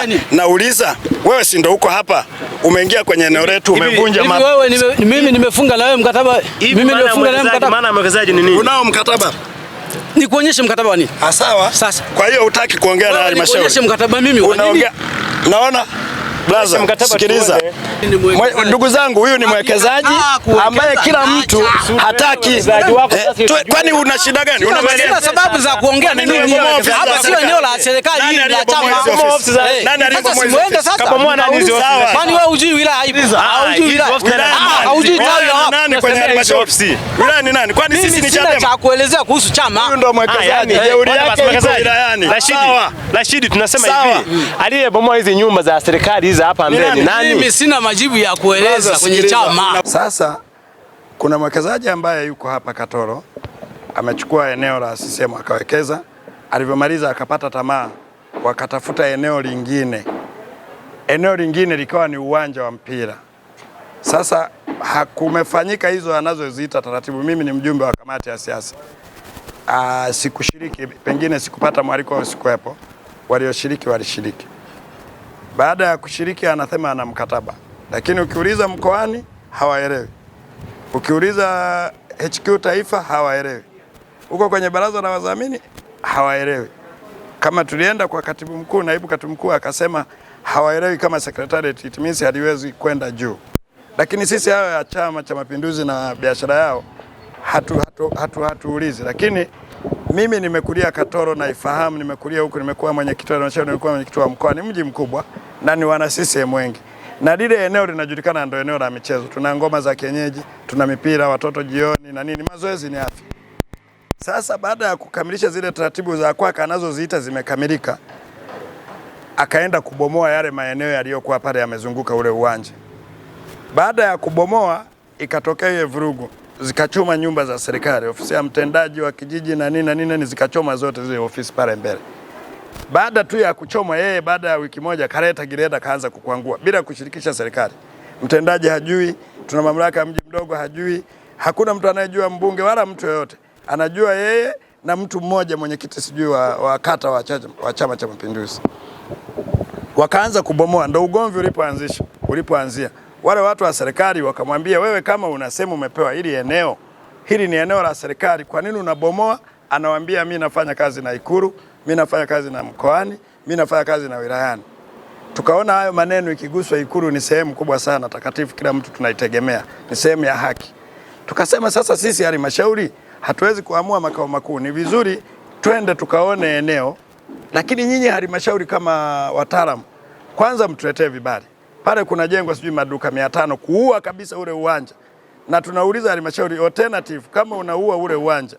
Yaani? nauliza wewe, si ndo uko hapa, umeingia kwenye eneo letu, umevunja mimi. Nimefunga na wewe mkataba, mimi nimefunga na wewe mkataba. Maana mwekezaji ni nini? Unao mkataba ni nikuonyeshe mkataba wa nini? Ah, sawa. Sasa kwa hiyo hutaki kuongea na halmashauri. Nikuonyeshe mkataba mimi wa nini? Unaona Blaza, sikiliza ndugu zangu, huyu ni ah, mwekezaji ah, ambaye kila mtu hataki. Eh, kwani una shida gani? Una sababu za kuongea nini? Hapa sio eneo la serikali hili la chama. Kwani wewe hujui wilaya haipo? Ah, hujui wilaya. Hujui tawi la hapa. Nani kwenye halmashauri ofisi? Wilaya ni nani? Kwani sisi ni chama cha kuelezea kuhusu chama. Huyu ndio mwekezaji. Eh, eh, Jeuri yake iko wilayani. Rashidi, tunasema hivi. Aliyebomoa hizi nyumba za serikali tuliuliza hapa mbele. Nani? Mimi sina majibu ya kueleza kwenye chama. Sasa kuna mwekezaji ambaye yuko hapa Katoro amechukua eneo la sisemu akawekeza, alivyomaliza akapata tamaa, wakatafuta eneo lingine, eneo lingine likawa ni uwanja wa mpira. Sasa hakumefanyika hizo anazoziita taratibu. Mimi ni mjumbe wa kamati ya siasa, ah, sikushiriki, pengine sikupata mwaliko, sikuwepo. Walioshiriki walishiriki baada ya kushiriki anasema ana mkataba, lakini ukiuliza mkoani hawaelewi, ukiuliza HQ taifa hawaelewi, huko kwenye baraza la wadhamini hawaelewi. Kama tulienda kwa katibu mkuu, naibu katibu mkuu akasema hawaelewi kama secretariat, it means haliwezi kwenda juu. Lakini sisi hayo ya Chama cha Mapinduzi na biashara yao hatuulizi hatu, hatu, hatu, lakini mimi nimekulia Katoro naifahamu, nimekulia huku, nimekuwa mwenyekiti wa halmashauri, nimekuwa mwenyekiti wa mkoa. Ni mji mkubwa na ni wana CCM wengi, na lile eneo linajulikana ndio eneo la michezo. Tuna ngoma za kienyeji, tuna mipira watoto jioni na nini, mazoezi ni afya. Sasa baada ya kukamilisha zile taratibu za kwake anazoziita zimekamilika, akaenda kubomoa yale maeneo yaliyokuwa pale yamezunguka ule uwanja. Baada ya kubomoa, ikatokea ile vurugu, zikachoma nyumba za serikali, ofisi ya mtendaji wa kijiji na nini na nini, zikachoma zote zile ofisi pale mbele baada tu ya kuchomwa yeye, baada ya wiki moja kareta gireda kaanza kukwangua bila kushirikisha serikali. Mtendaji hajui, tuna mamlaka ya mji mdogo hajui, hakuna mtu anayejua, mbunge wala mtu yoyote anajua yeye na mtu mmoja mwenyekiti sijui wa, wa kata wa, wa Chama cha Mapinduzi. Wakaanza kubomoa, ndo ugomvi ulipoanzisha ulipoanzia. Wale watu wa serikali wakamwambia, wewe kama unasema umepewa hili eneo, hili ni eneo la serikali, kwa nini unabomoa? anawambia mimi nafanya kazi na Ikuru mimi nafanya kazi na mkoani, mimi nafanya kazi na wilayani. Tukaona hayo maneno ikiguswa Ikulu ni sehemu kubwa sana takatifu, kila mtu tunaitegemea, ni sehemu ya haki. Tukasema sasa sisi halmashauri hatuwezi kuamua makao makuu, ni vizuri twende tukaone eneo, lakini nyinyi halmashauri kama wataalamu, kwanza mtuletee vibali. Pale kuna jengo sijui maduka 500 kuua kabisa ule uwanja, na tunauliza halmashauri alternative, kama unaua ule uwanja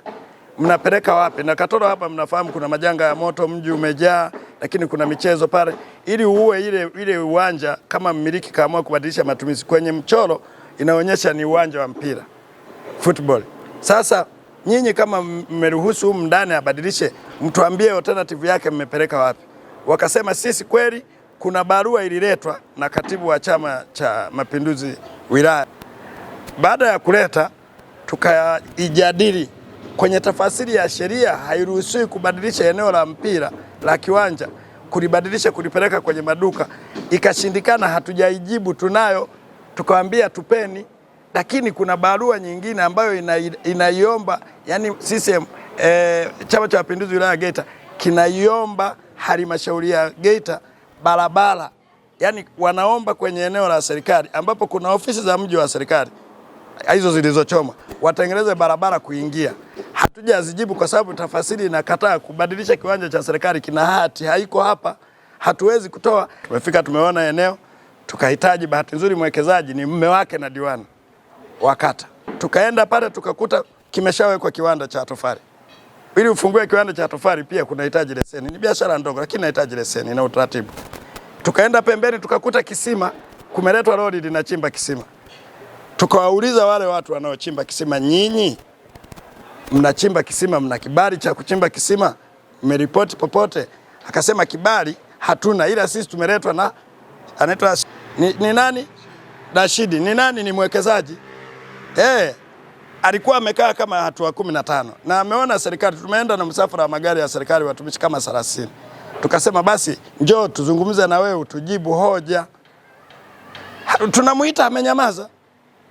mnapeleka wapi? Na Katoro hapa mnafahamu kuna majanga ya moto, mji umejaa, lakini kuna michezo pale, ili uwe ile ile uwanja. Kama mmiliki kaamua kubadilisha matumizi, kwenye mchoro inaonyesha ni uwanja wa mpira football. Sasa nyinyi kama mmeruhusu huko mndani abadilishe, mtuambie alternative yake mmepeleka wapi? Wakasema sisi kweli kuna barua ililetwa na katibu wa Chama cha Mapinduzi wilaya. Baada ya kuleta, tukaijadili kwenye tafasiri ya sheria hairuhusiwi kubadilisha eneo la mpira la kiwanja, kulibadilisha kulipeleka kwenye maduka. Ikashindikana, hatujaijibu tunayo, tukawaambia tupeni, lakini kuna barua nyingine ambayo inaiomba ina yani CCM e, eh, Chama cha Mapinduzi wilaya ya Geita kinaiomba halmashauri ya Geita barabara, yani wanaomba kwenye eneo la serikali ambapo kuna ofisi za mji wa serikali hizo zilizochoma watengeneze barabara kuingia hatujazijibu kwa sababu tafasiri inakataa kubadilisha. Kiwanja cha serikali kina hati, haiko hapa, hatuwezi kutoa. Tumefika, tumeona eneo, tukahitaji. Bahati nzuri mwekezaji ni mme wake na diwani wakata, tukaenda pale tukakuta kimeshawekwa kiwanda cha tofali. Ili ufungue kiwanda cha tofali pia kunahitaji leseni, ni biashara ndogo, lakini inahitaji leseni na utaratibu. Tukaenda pembeni tukakuta kisima, kumeletwa lori linachimba kisima. Tukawauliza wale watu wanaochimba kisima, nyinyi mnachimba kisima, mna kibali cha kuchimba kisima? Mmeripoti popote? Akasema kibali hatuna, ila sisi tumeletwa na anaitwa ni, ni nani Rashidi, ni nani? Ni mwekezaji eh, alikuwa amekaa kama hatua kumi na tano na ameona serikali. Tumeenda na msafara wa magari ya serikali, watumishi kama 30. Tukasema basi njoo tuzungumze na wewe, utujibu hoja. Tunamuita amenyamaza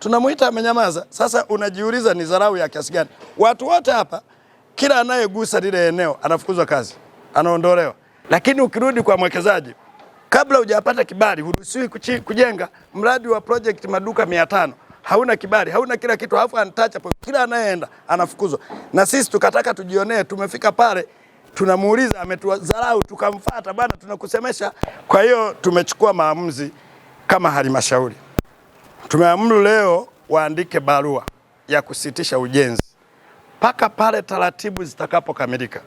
tunamuita amenyamaza. Sasa unajiuliza ni dharau ya kiasi gani? Watu wote hapa, kila anayegusa lile eneo anafukuzwa kazi, anaondolewa. Lakini ukirudi kwa mwekezaji, kabla hujapata kibali huruhusiwi kujenga mradi wa project maduka mia tano hauna kibali, hauna kila kitu, alafu antacha Kila anayeenda anafukuzwa, na sisi tukataka tujionee. Tumefika pale, tunamuuliza ametudharau, tukamfuata bana, tunakusemesha. Kwa hiyo tumechukua maamuzi kama halmashauri. Tumeamuru leo waandike barua ya kusitisha ujenzi mpaka pale taratibu zitakapokamilika,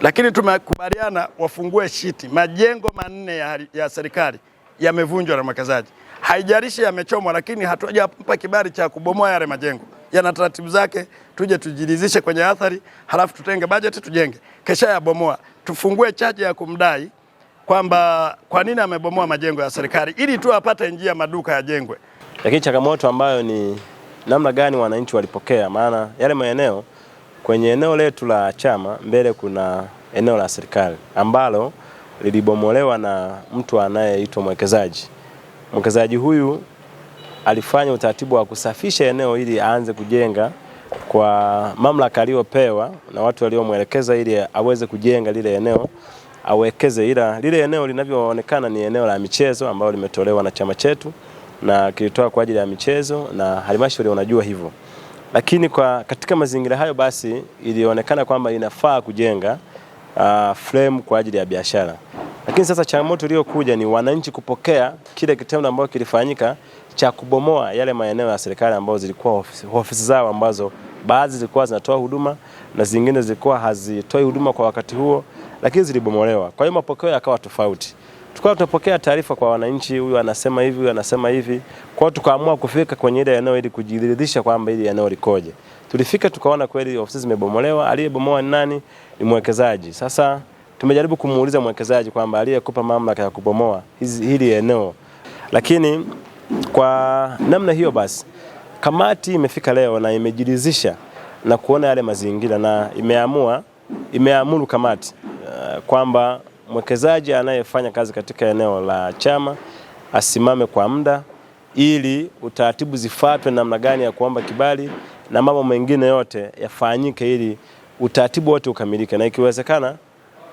lakini tumekubaliana wafungue shiti. Majengo manne ya, ya serikali yamevunjwa na mwekezaji, haijalishi yamechomwa, lakini hatujampa kibali cha kubomoa yale majengo. Yana taratibu zake, tuje tujiridhishe kwenye athari, halafu tutenge bajeti tujenge. Kesha yabomoa, tufungue chaji ya kumdai kwamba kwa nini amebomoa majengo ya serikali, ili tu apate njia maduka yajengwe. Lakini changamoto ambayo ni namna gani wananchi walipokea, maana yale maeneo kwenye eneo letu la chama mbele kuna eneo la serikali ambalo lilibomolewa na mtu anayeitwa mwekezaji. Mwekezaji huyu alifanya utaratibu wa kusafisha eneo ili aanze kujenga kwa mamlaka aliyopewa na watu waliomwelekeza ili aweze kujenga lile eneo awekeze, ila lile eneo linavyoonekana ni eneo la michezo ambalo limetolewa na chama chetu na kilitoa kwa ajili ya michezo na halmashauri wanajua hivyo, lakini kwa katika mazingira hayo basi ilionekana kwamba inafaa kujenga uh, frame kwa ajili ya biashara. Lakini sasa changamoto iliyokuja ni wananchi kupokea kile kitendo ambacho kilifanyika cha kubomoa yale maeneo ya serikali ambayo zilikuwa ofisi, ofisi zao ambazo baadhi zilikuwa zinatoa huduma na zingine zilikuwa hazitoi huduma kwa wakati huo, lakini zilibomolewa. Kwa hiyo mapokeo yakawa tofauti tukawa tunapokea taarifa kwa wananchi, huyu anasema hivi, huyu anasema hivi. Kwa hiyo tukaamua kufika kwenye ile eneo ili kujiridhisha kwamba ile eneo likoje. Tulifika tukaona kweli ofisi zimebomolewa, aliyebomoa ni nani? Ni mwekezaji. Sasa tumejaribu kumuuliza mwekezaji kwamba aliyekupa mamlaka ya kubomoa hili eneo, lakini kwa namna hiyo basi kamati imefika leo na imejiridhisha na kuona yale mazingira na imeamua imeamuru kamati uh, kwamba mwekezaji anayefanya kazi katika eneo la chama asimame kwa muda ili utaratibu zifuatwe namna gani ya kuomba kibali na mambo mengine yote yafanyike ili utaratibu wote ukamilike, na ikiwezekana,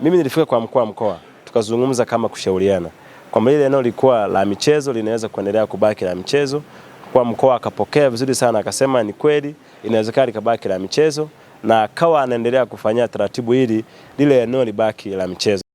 mimi nilifika kwa mkuu wa mkoa tukazungumza kama kushauriana kwamba ile eneo lilikuwa la michezo linaweza kuendelea kubaki la michezo. Kwa mkoa akapokea vizuri sana, akasema ni kweli inawezekana likabaki la michezo, na akawa anaendelea kufanyia taratibu ili lile eneo libaki la michezo.